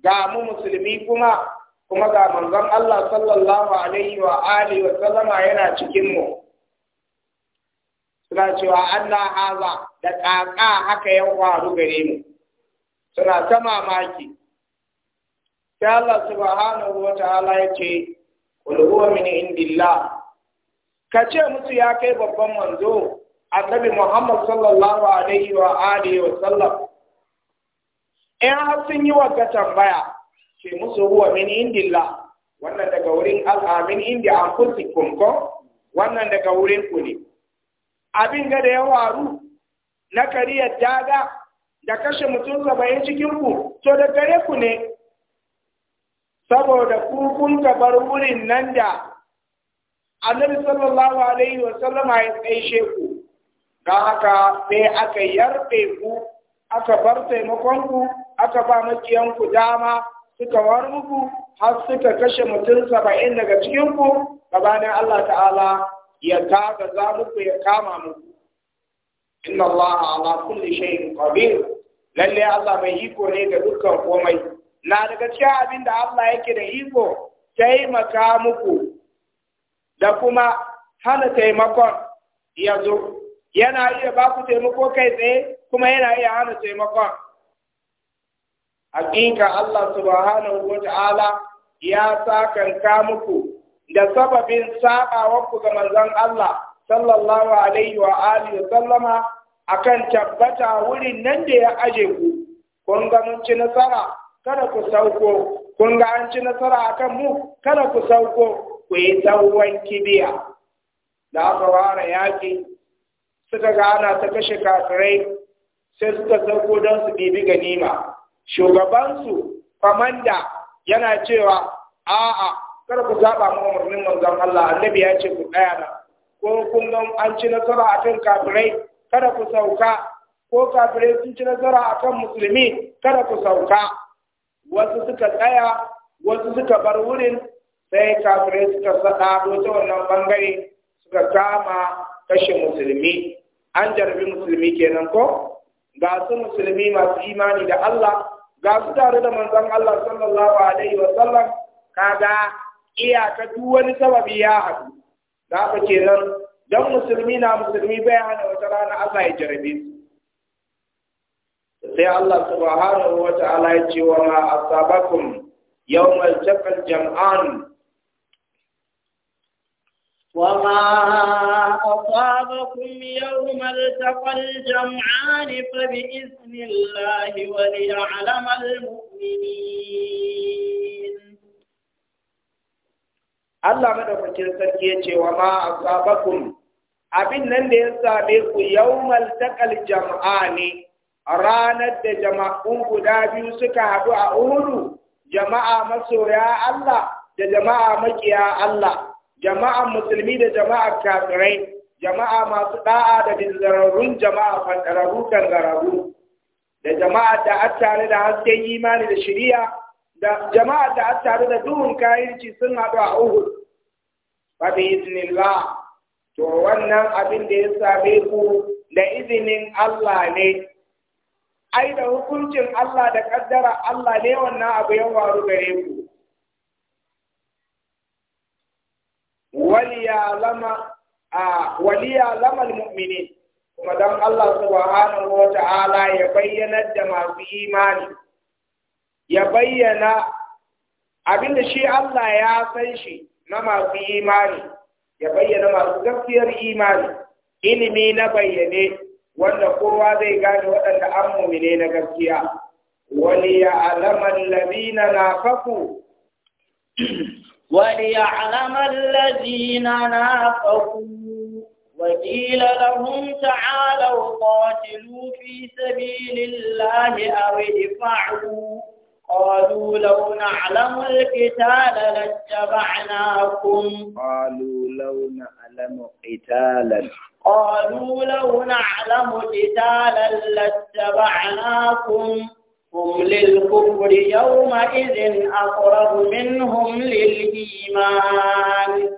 ga mu musulmi kuma kuma ga manzon Allah sallallahu alaihi wa alihi wa sallama yana cikin mu suna cewa Allah haza da ƙaƙa haka ya faru gare mu suna ta mamaki sai Allah subhanahu wa ta'ala ya ce huwa min indillah ka ce musu ya kai babban manzo annabi Muhammad sallallahu alaihi wa alihi wa sallam in har sun yi wagga tambaya ce musu huwa min indillah wannan daga wurin al'amin indi an kursi kunko wannan daga wurin ku ne abin ga da ya waru na kariyar daga da kashe mutum saba'in cikin ku to da gare ku ne saboda kukun kun bar wurin nan da annabi sallallahu alaihi wa sallama ya tsaishe ku ga haka sai aka yarbe ku aka bar taimakon ku aka ba makiyan ku dama suka war muku har suka kashe mutum saba'in daga cikin ku gabanin Allah ta'ala ya kaga za muku ya kama muku inna Allah ala kulli shay'in qadir lalle Allah bai yi ne da dukkan komai na daga cikin abin da Allah yake da iko taimaka muku da kuma hana taimakon ya zo yana iya ba ku taimako kai tsaye kuma yana iya hana taimakon hakika Allah subhanahu wa ta'ala ya sakanka muku da sababin saɓawarku ga manzon Allah sallallahu alaihi wa alihi sallama akan tabbata wurin nan da ya aje ku kun ga mun ci nasara kada ku sauko kun ga an ci nasara akan mu kada ku sauko ku yi tsawon kibiya da aka ware yaƙi suka ga ana ta kashe kafirai sai suka sauko don su bibi ganima shugabansu kwamanda yana cewa a'a kada ku zaɓa mu umarnin manzon Allah annabi ya ce ku tsaya na ko kun ga an ci nasara akan kafirai kada ku sauka ko kafirai sun ci nasara akan musulmi kada ku sauka wasu suka tsaya wasu suka bar wurin sai kafirai suka saɗa ta wannan bangare suka kama kashe musulmi an jarabi musulmi kenan ko ga su musulmi masu imani da Allah ga su tare da manzon Allah sallallahu alaihi wa sallam kaga iyaka duk wani sababi ya haɗu da haka kenan dan musulmi na musulmi bai hana wata rana Allah ya jarabe su sai Allah subhanahu wa ta'ala ya ce wa ma asabakum yawmal taqal jam'an وما أصابكم wa التقى الجمعان فبإذن الله وليعلم sarki الله مدفكين سركي وما أصابكم abin nan da ya same ku yawmal taqal jam'ani a ranar da jama'un guda biyu suka haɗu a Uhudu, jama'a masoya Allah da jama'a makiya Allah, jama'a musulmi da jama'a kafirai, jama'a masu ɗa'a da dizararrun jama'a fantararru kan gararu, da jama'a da attare da hasken imani da shiriya, da jama'a da attare da duhun kayanci sun haɗu a Uhud. izinin la to wannan abin da ya same ku da izinin Allah ne. ai da hukuncin Allah da kaddara Allah ne wannan abu ya waru gare ku waliya lama a waliya kuma dan Allah subhanahu wa ta'ala ya bayyana da masu imani ya bayyana abinda shi Allah ya san shi na masu imani ya bayyana masu gaskiyar imani ilimi na bayyane wanda kowa zai gane waɗanda an mumine na gaskiya wani ya alaman labina na faku wani ya alaman labina na faku وقيل لهم تعالوا قاتلوا في سبيل a أو ادفعوا قالوا لو نعلم القتال لاتبعناكم قالوا لو نعلم قتالا قالوا لو نعلم قتالا لاتبعناكم هم للكفر يومئذ أقرب منهم للإيمان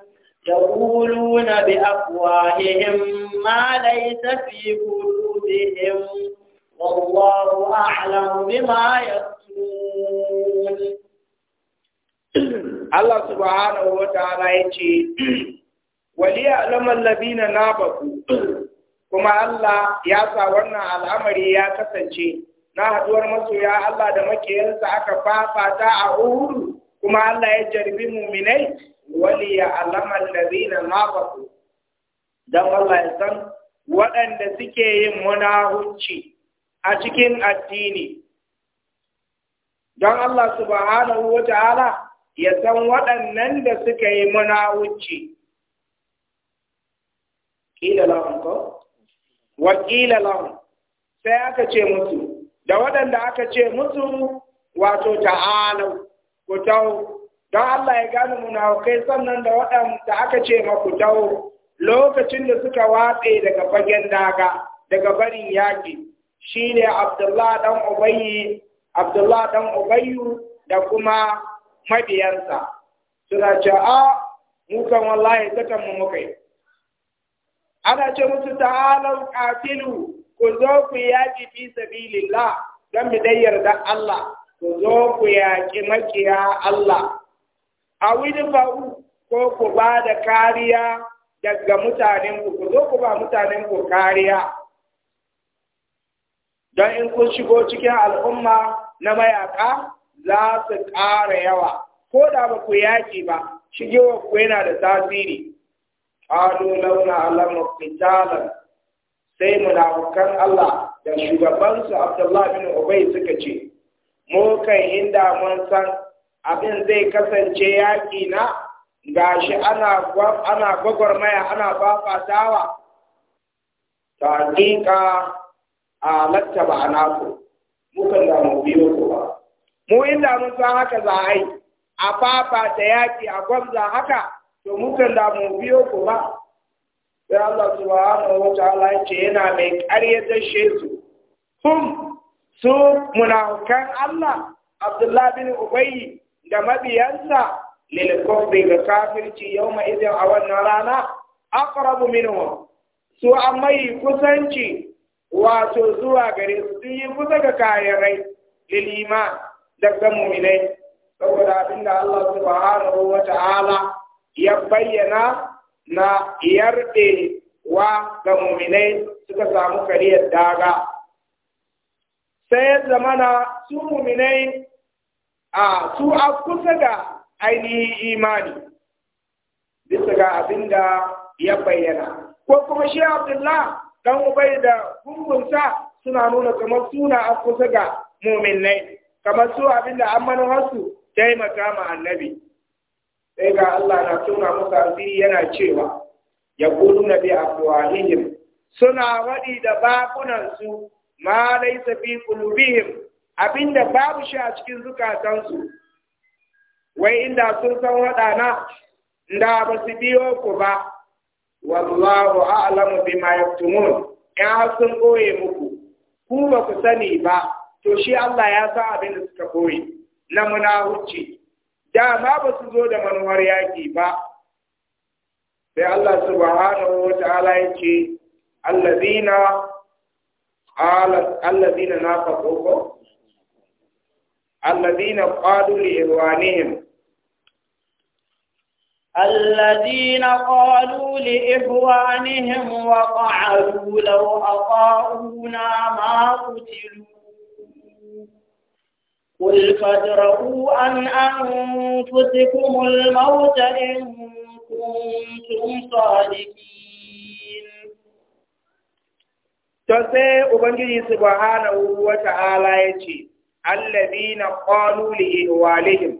يقولون بأفواههم ما ليس في قلوبهم والله أعلم بما يكتمون الله سبحانه وتعالى يقول waliya alamar labina na baku kuma Allah ya sa wannan al'amari ya kasance na haduwar masoya Allah da makiyarsa aka fafata a uhuru kuma Allah ya jarbi muminai waliya alamar labina na baku don Allah ya san waɗanda suke yin munahunci a cikin addini don Allah subhanahu wa ta'ala ya san waɗannan da suka yi munawuci qila lahum ko wa sai aka ce musu da waɗanda aka ce musu wato ta'alau ku tau don Allah ya gane kai sannan da waɗanda aka ce ma ku tau lokacin da suka watse daga fagen daga daga barin yaƙi shine Abdullah dan Ubayyi Abdullah dan Ubayyu da kuma mabiyansa suna ce a ah, mu wallahi takan mu mukai ana ce musu ta'alau qatilu ku zo ku yaƙi fi sabilillah don mu dai yarda Allah ku zo ku yaƙi makiya Allah a wani fa'u ko ku ba da kariya daga mutanen ku zo ku ba mutanen kariya don in kun shigo cikin al'umma na mayaka za su ƙara yawa ko da ba ku yaƙi ba shigewa ku yana da tasiri qalu launa na'lamu qitalan sai munafukan Allah da shugabansu Abdullah bin Ubay suka ce mu kan inda mun san abin zai kasance yaƙi na gashi ana ana gwagwarmaya ana fafatawa ta hakika a latta ba a naku mukan da mu biyo ku ba mu inda mun san haka za a yi a fafata yaƙi a gwamza haka to mukan da mu biyo ku ba sai Allah subhanahu wa ta'ala yana mai da shesu hum su munafukan Allah Abdullah bin Ubayy da mabiyansa lil kufri ga kafirci yawma idan a wannan rana aqrabu minhum su amai kusanci wato zuwa gare su sun yi kusa ga kayan rai lil iman daga mu'minai saboda abinda Allah subhanahu wa ta'ala ya bayyana na yarɗe wa ga muminai suka samu kariyar daga sai ya zamana su muminai a su a kusa da ainihin imani bisa ga abin da ya bayyana ko kuma shi abdullah dan ubai da gungunsa suna nuna kamar suna a kusa ga muminai kamar su abin da an manuwarsu taimaka ma annabi sai ga Allah na tuna musu asiri yana cewa ya gudu na bi afwahihim suna waɗi da bakunansu ma laisa fi abinda babu shi a cikin zukatansu wai inda sun san waɗana da ba su biyo ku ba wallahu a'lamu bima yaktumun in har sun ɓoye muku ku ba ku sani ba to shi Allah ya sa abin da suka ɓoye na munahuci dama ba su zo da manuwar yaƙi ba sai Allah subhanahu wa ta'ala ya ce allazina allazina nafaqu ko allazina qalu li irwanihim الذين قالوا لإخوانهم وقعدوا لو أطاعونا ما قتلوا Kulfatra, ko an aminta cikin horna wajen yin kuskurensu a jikinmu? Tos sai ubangiji su Buhari, wata ala yace "Hallabi na kwalun li'an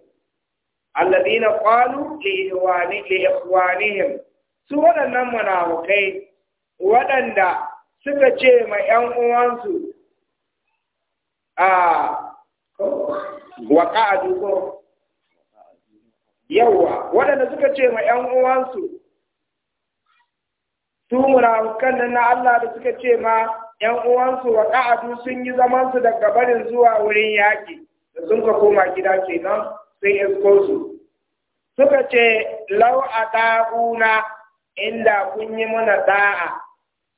walihin su wadannan munawukai, waɗanda suka ce ma 'yan uwansu? A. Ah, wa qa'adu ko yawa waɗanda suka ce ma ƴan uwansu su na Allah da suka ce ma ƴan uwansu wa sun yi zaman su daga barin zuwa wurin yaƙi da sun ka koma gida kenan sun isko su suka ce lau a ɗa'una inda kun yi mana da'a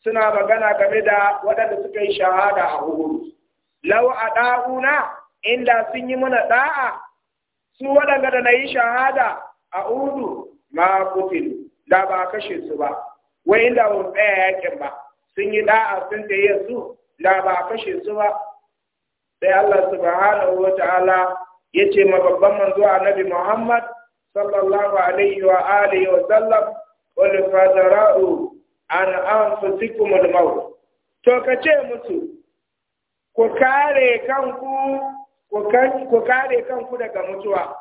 suna magana game da waɗanda suka yi shahada a hudu lau a ɗa'una inda sun yi mana ɗa'a su waɗanda da na yi shahada a udu ma kutin da ba kashe su ba wai inda ba tsaya yakin ba sun yi ɗa'a sun yi su da ba kashe su ba sai Allah subhanahu wa ta'ala ya ce ma babban manzo annabi Muhammad sallallahu alaihi wa alihi wa sallam wal fadara'u an anfusikum al-maut to kace musu ku kare kanku ku kare kanku daga mutuwa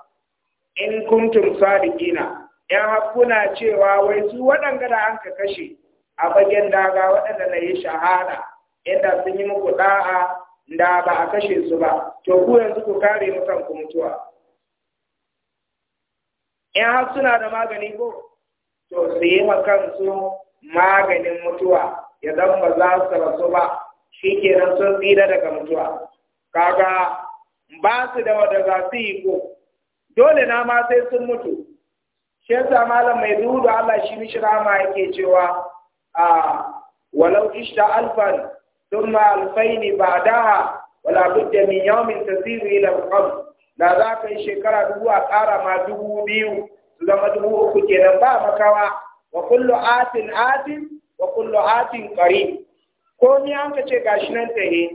in kuntum sadiqina ya hakuna cewa wai su waɗanda da an ka kashe a bagen daga waɗanda na yi shahada inda sun yi muku da'a da ba a kashe su ba to ku yanzu ku kare mu kanku mutuwa in har suna da magani ko to su yi ma kansu maganin mutuwa ya zan za su rasu ba shi kenan sun tsira daga mutuwa kaga ba su da wadda za su yi ko dole na ma sai sun mutu shi yasa malam mai duhu Allah shi mishi rama yake cewa a walau ishta alfan thumma alfain ba'daha wala budda min yawmin tasiru ila al da za ka yi shekara dubu a ƙara ma dubu biyu su zama dubu uku kenan ba makawa wa kullu atin atin wa kullu atin qarib ko ni an ka ce gashi nan tahe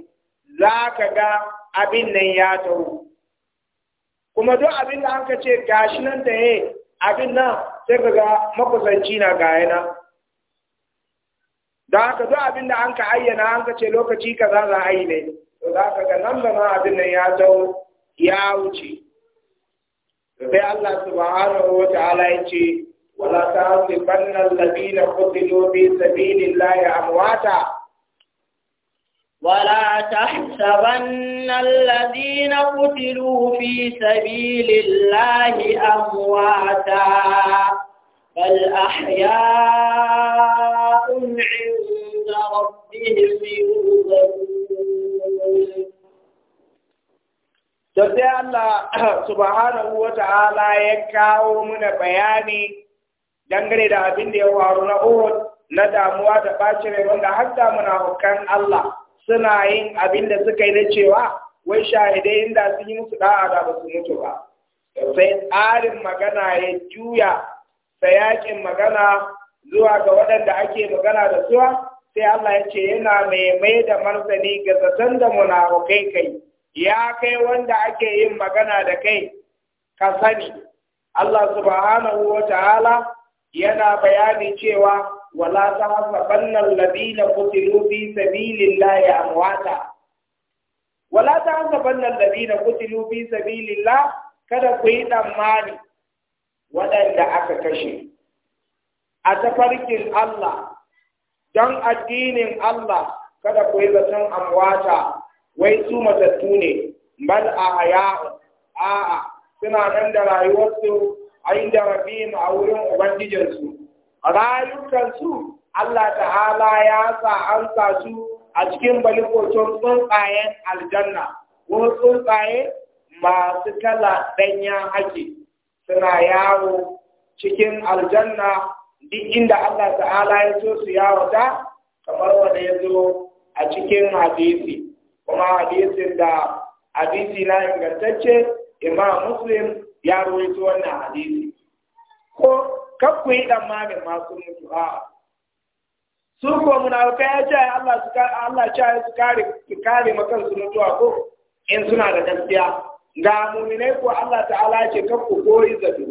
za ka ga abin nan ya taru. kuma duk abin da an ce gashi nan da yi abin nan sai ka ga makusanci na gaya na da haka duk abin da an ka ayyana an ka ce lokaci kaza za a yi ne to za ka ga nan da ma abin nan ya taru ya wuce sai Allah subhanahu wa ta'ala ya ce wala ta'sibanna alladhina qutilu fi sabilillahi amwata ولا تحسبن الذين قتلوا في سبيل الله أمواتا بل أحياء عند ربهم يرزقون da sai Allah <clears throat> subhanahu wa ta'ala ya kawo muna bayani dangane da abin da ya waru na Uhud na damuwa da bacin rai wanda har da munafukan Allah suna yin abin da suka yi na cewa wai shahidai inda su yi musu da'a da ba su mutu ba sai tsarin magana ya juya yakin magana zuwa ga waɗanda ake magana da suwa sai Allah ya ce yana mai mai da martani ga zaton da munafukai kai ya kai wanda ake yin magana da kai ka sani Allah subhanahu wa ta'ala yana bayani cewa wala ta hasabanna alladhina qutilu fi sabilillahi amwata wala ta hasabanna alladhina qutilu fi sabilillah kada ku yi tsammani waɗanda aka kashe a tafarkin Allah don addinin Allah kada ku yi zaton amwata wai su matattu ne bal a haya a'a suna nan da rayuwarsu a inda rabin a wurin ubangijinsu rayukansu Allah ta'ala ya sa an sa su a cikin balikocin tsuntsayen aljanna ko tsuntsaye masu kala ɗanya ake suna yawo cikin aljanna duk inda Allah ta'ala ya so su ta kamar wanda ya zo a cikin hadisi kuma hadisin da hadisi na ingantacce imam muslim ya ruwaito wannan hadisi ko kar ku yi tsammanin masu mutu a su ko alka ya ce Allah su Allah ya su kare su kare makan su mutuwa ko in suna da gaskiya ga mu'mine ko Allah ta'ala ya ce kar ku koyi zato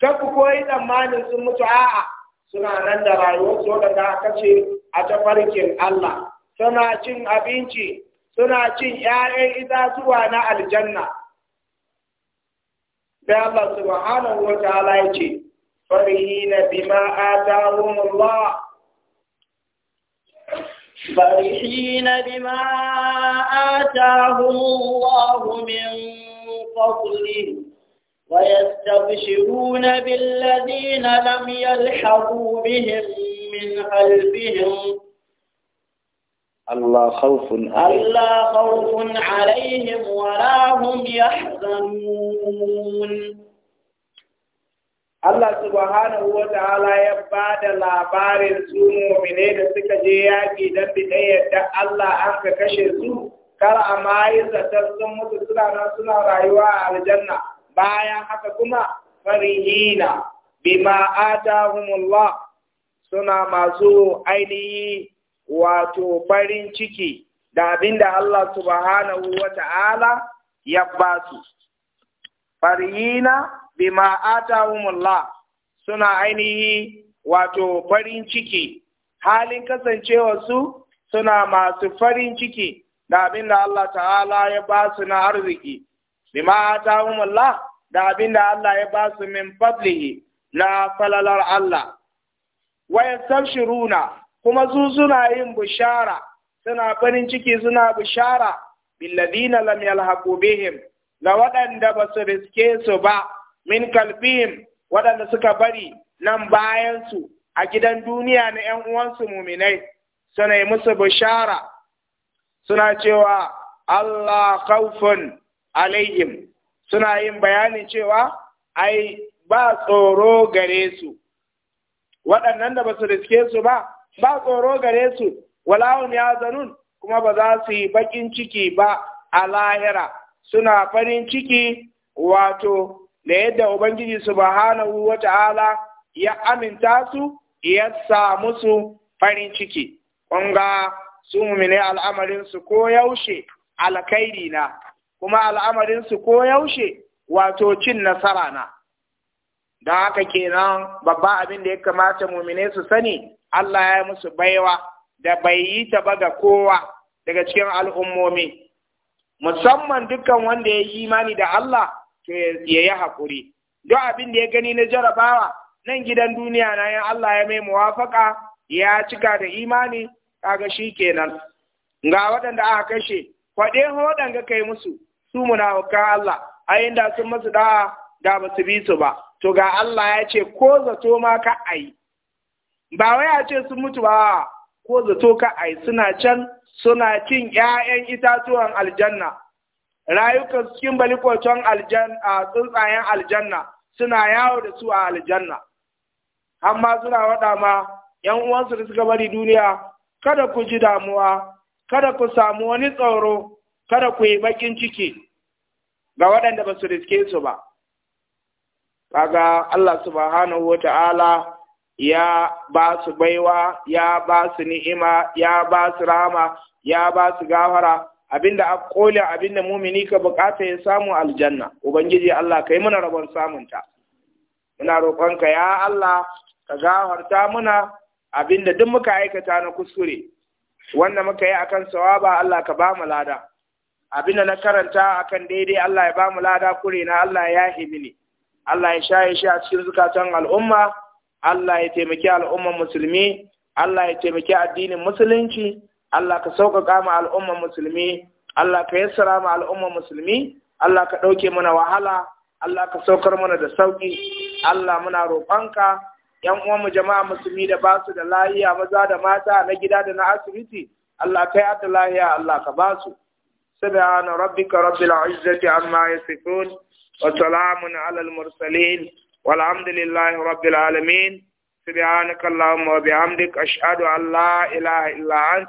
kar ku koyi mame sun mutu a'a suna nan da rayuwar su da ka kace a tafarkin Allah suna cin abinci suna cin ƴaƴan itatuwa na aljanna. Da Allah subhanahu wa ta'ala ya ce, فرحين بما آتاهم الله فرحين بما آتاهم الله من فضله ويستبشرون بالذين لم يلحقوا بهم من خلفهم ألا خوف ألا خوف عليهم ولا هم يحزنون Allah subhanahu wa ta'ala ya ba da labarin su mu'mine da suka je yaƙi don bi yadda Allah an ka kashe su kar a mayi zatar sun mutu suna nan suna rayuwa a aljanna bayan haka kuma farihina bima atahumullah suna masu ainihi wato farin ciki da abinda Allah subhanahu wa ta'ala ya ba su farihina bima atahumullah suna ainihi wato farin ciki halin kasancewa su, suna masu farin ciki da abin da Allah ta'ala ya ba su na arziki bima atahumullah da abin da Allah ya ba su min fadlihi na falalar Allah waya yastabshiruna kuma su suna yin bishara suna farin ciki suna bishara billadina lam yalhaqu bihim la waɗanda ba su riske su ba min kalbihim waɗanda suka bari nan bayansu a gidan duniya na ‘yan uwansu muminai suna yi musu bishara suna cewa Allah kaufin alayhim suna yin bayanin cewa ai ba tsoro gare su waɗannan da ba su riske su ba ba tsoro gare su walawun ya zanun kuma ba za su yi baƙin ciki ba a lahira suna farin ciki wato da yadda Ubangiji subhanahu wa ta'ala ya aminta su ya samu su farin ciki, ƙunga su mumine al'amarinsu ko yaushe alkairi na, kuma al'amarinsu ko yaushe wato cin nasara na. Da haka kenan babba abin da ya kamata mumine su sani, Allah ya musu baiwa da bai yi ta ba ga kowa daga cikin al'ummomi, musamman dukkan wanda ya yi imani da Allah. to ya yi haƙuri duk abin da ya gani na jarabawa nan gidan duniya na yin Allah ya mai muwafaka ya cika da imani kaga shi kenan ga waɗanda aka kashe kwaɗe waɗanda kai musu su muna munafukan Allah a da sun masu da'a da ba su bi su ba to ga Allah ya ce ko zato ma ka ayi ba wai a ce sun mutu ba ko zato ka ai suna can suna cin ‘ya'yan itatuwan aljanna rayukan cikin balikoton aljanna tsuntsayen aljanna suna yawo da su a aljanna amma suna waɗa ma ‘yan uwansu da suka bari duniya kada ku ji damuwa kada ku samu wani tsoro kada ku yi bakin ciki ga waɗanda ba su riske su ba kaga Allah subhanahu wa ya ba su baiwa ya ba su ni'ima ya ba su rama ya ba su gafara abinda a kola abinda mumini ka bukata ya samu aljanna ubangiji Allah kai muna rabon samunta muna roƙonka ya Allah ka gafarta muna abinda duk muka aikata na kuskure wanda muka yi akan sawaba Allah ka ba mu lada abinda na karanta akan daidai Allah ya ba mu lada kure na Allah ya yahi Allah ya shaye shi a cikin zukatan al'umma Allah ya taimaki al'umman musulmi Allah ya taimaki addinin musulunci Allah ka sauƙaƙa ma al'umman musulmi Allah ka yassara ma al'umman musulmi Allah ka ɗauke mana wahala Allah ka saukar mana da sauƙi Allah muna roƙonka yan uwanmu jama'a musulmi da basu da lahiya maza da mata na gida da na asibiti Allah yi adda lahiya Allah ka basu سبحان ربك رب العزة عما يصفون وسلام على المرسلين والحمد لله رب العالمين سبحانك اللهم وبحمدك أشهد أن لا إله إلا أنت